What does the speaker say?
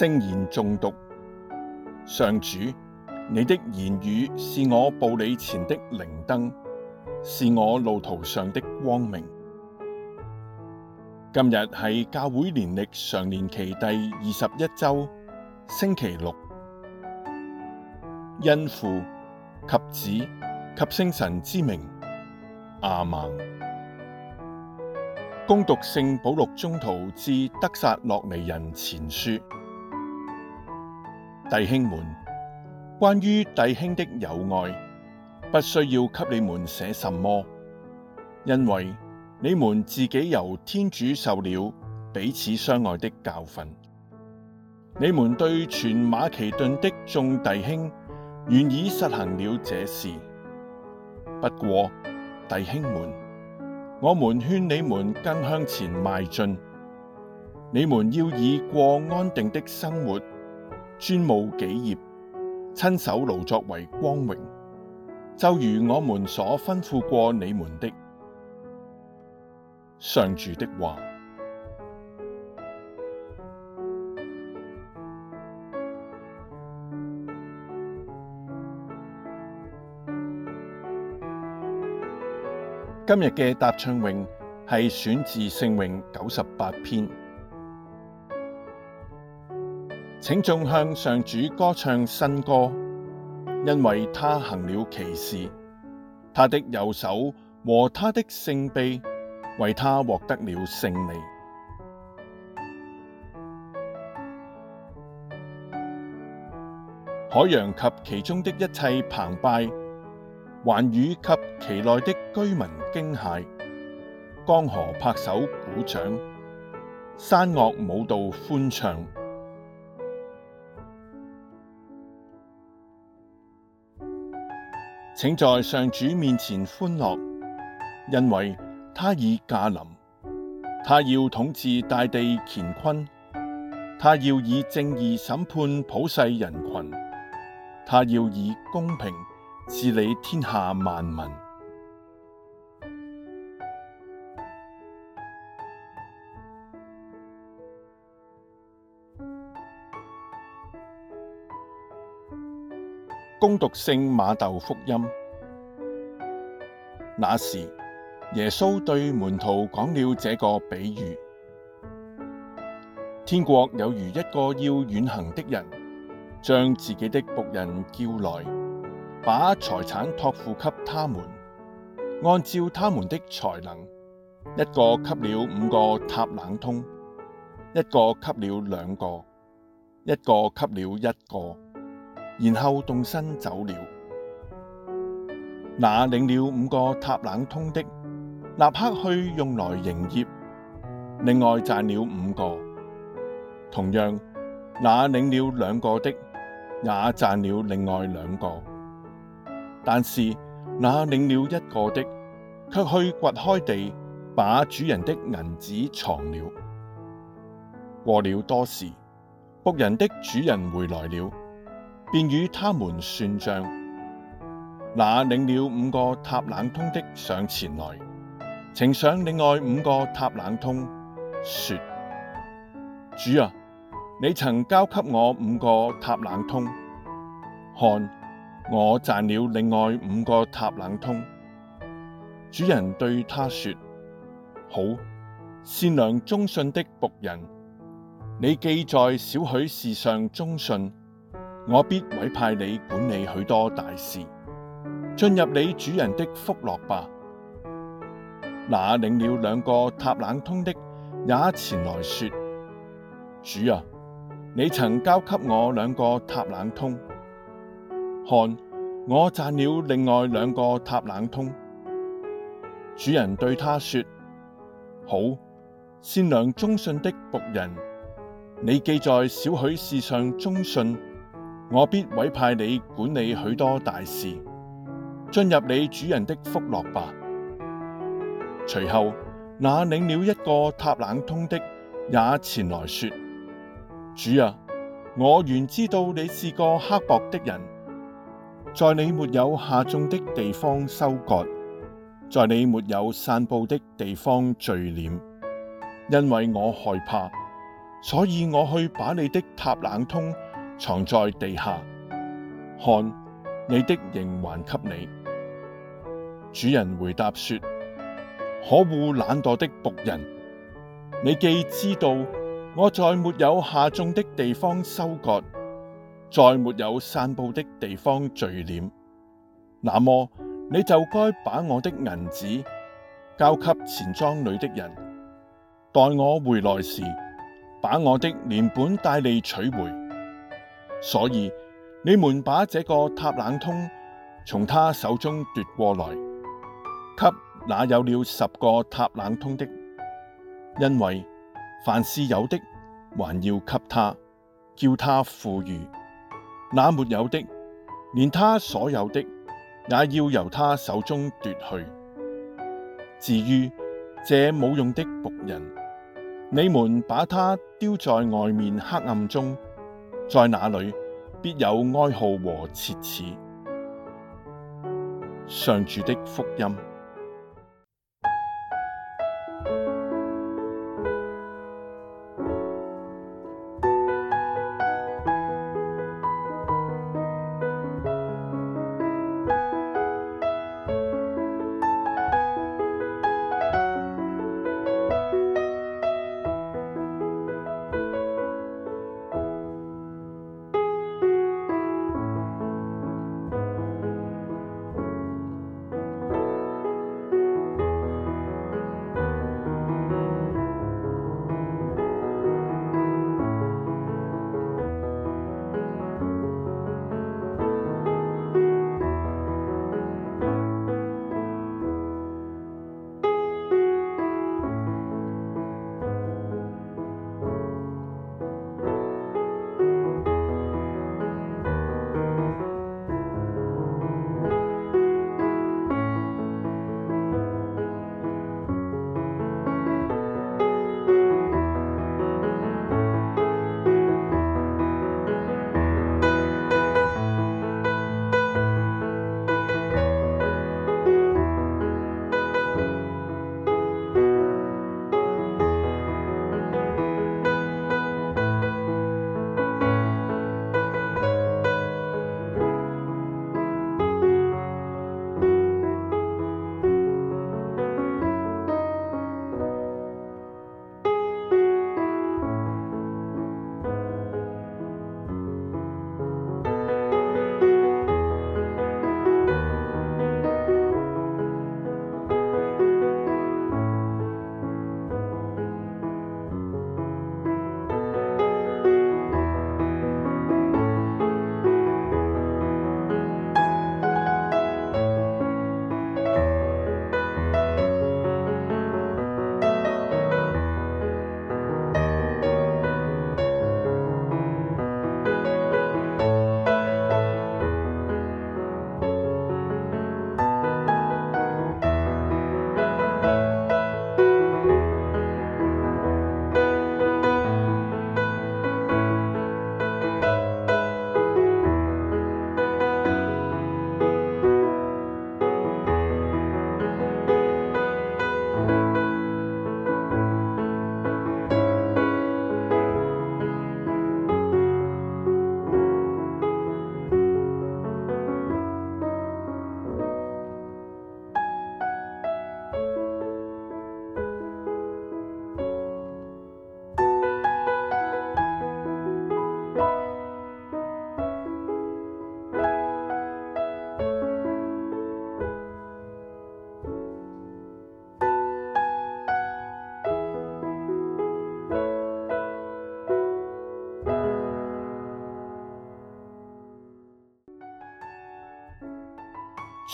聖言誦讀，上主，你的言語是我步履前的靈燈，是我路途上的光明。今日係教會年曆常年期第二十一周星期六，因父及子及聖神之名，阿門。恭讀聖保祿宗徒致得撒洛尼人前書。弟兄們，關於弟兄的友愛，不需要給你們寫什麼，因為你們自己由天主受了彼此相愛的教訓。你們對全馬其頓的眾弟兄，原已實行了這事。不過，弟兄們，我們勸你們更向前邁進，你們要以過安定的生活。專務己業，親手勞作為光榮，就如我們所吩咐過你們的。上主的話。。 今日嘅答唱詠係選自聖詠九十八篇。請眾向上主歌唱新歌，因爲他行了奇事，他的右手和他的聖臂為他獲得了勝利。海洋及其中的一切澎湃，寰宇及其內的居民驚駭，江河拍手鼓掌，山嶽舞蹈歡唱。請在上主面前歡樂，因為他已駕臨，他要統治大地乾坤，他要以正義審判普世人群，他要以公平治理天下萬民。恭讀聖瑪竇福音。那時，耶穌對門徒講了這個比喻：天國有如一個要遠行的人，將自己的僕人叫來，把財產託付給他們，按照他們的才能，一個給了五個塔冷通，一個給了兩個，一個給了一個。然後動身走了。那領了五個塔冷通的，立刻去用來營業，另外賺了五個。同樣，那領了兩個的，也賺了另外兩個。但是那領了一個的，卻去掘開地，把主人的銀子藏了。過了多時，僕人的主人回來了。便與他們算賬。那領了五個塔冷通的上前來，呈上另外五個塔冷通，說：主啊，你曾交給我五個塔冷通，看，我賺了另外五個塔冷通。主人對他說：好，善良忠信的僕人，你既在少許事上忠信。我必委派你管理許多大事，進入你主人的福樂吧。那領了兩個塔冷通的也前來說：主啊，你曾交給我兩個塔冷通，看，我賺了另外兩個塔冷通。主人對他說：好，善良忠信的僕人，你既在小許事上忠信。我必委派你管理許多大事，進入你主人的福樂吧。隨後，那領了一個塔冷通的也前來說：主啊，我原知道你是個刻薄的人，在你沒有下種的地方收割，在你沒有散布的地方聚斂，因為我害怕，所以我去把你的塔冷通。藏在地下，看你的仍還給你。主人回答說：可惡懶惰的僕人，你既知道我在沒有下種的地方收割，在沒有散布的地方聚斂，那麼你就該把我的銀子交給錢莊裏的人，待我回來時，把我的連本帶利取回。所以你們把這個塔冷通從他手中奪過來，給那有了十個塔冷通的，因為凡是有的，還要給他，叫他富裕；那沒有的，連他所有的，也要由他手中奪去。至於這無用的僕人，你們把他丟在外面黑暗中。在那裏必有哀號和切齒。上主的福音。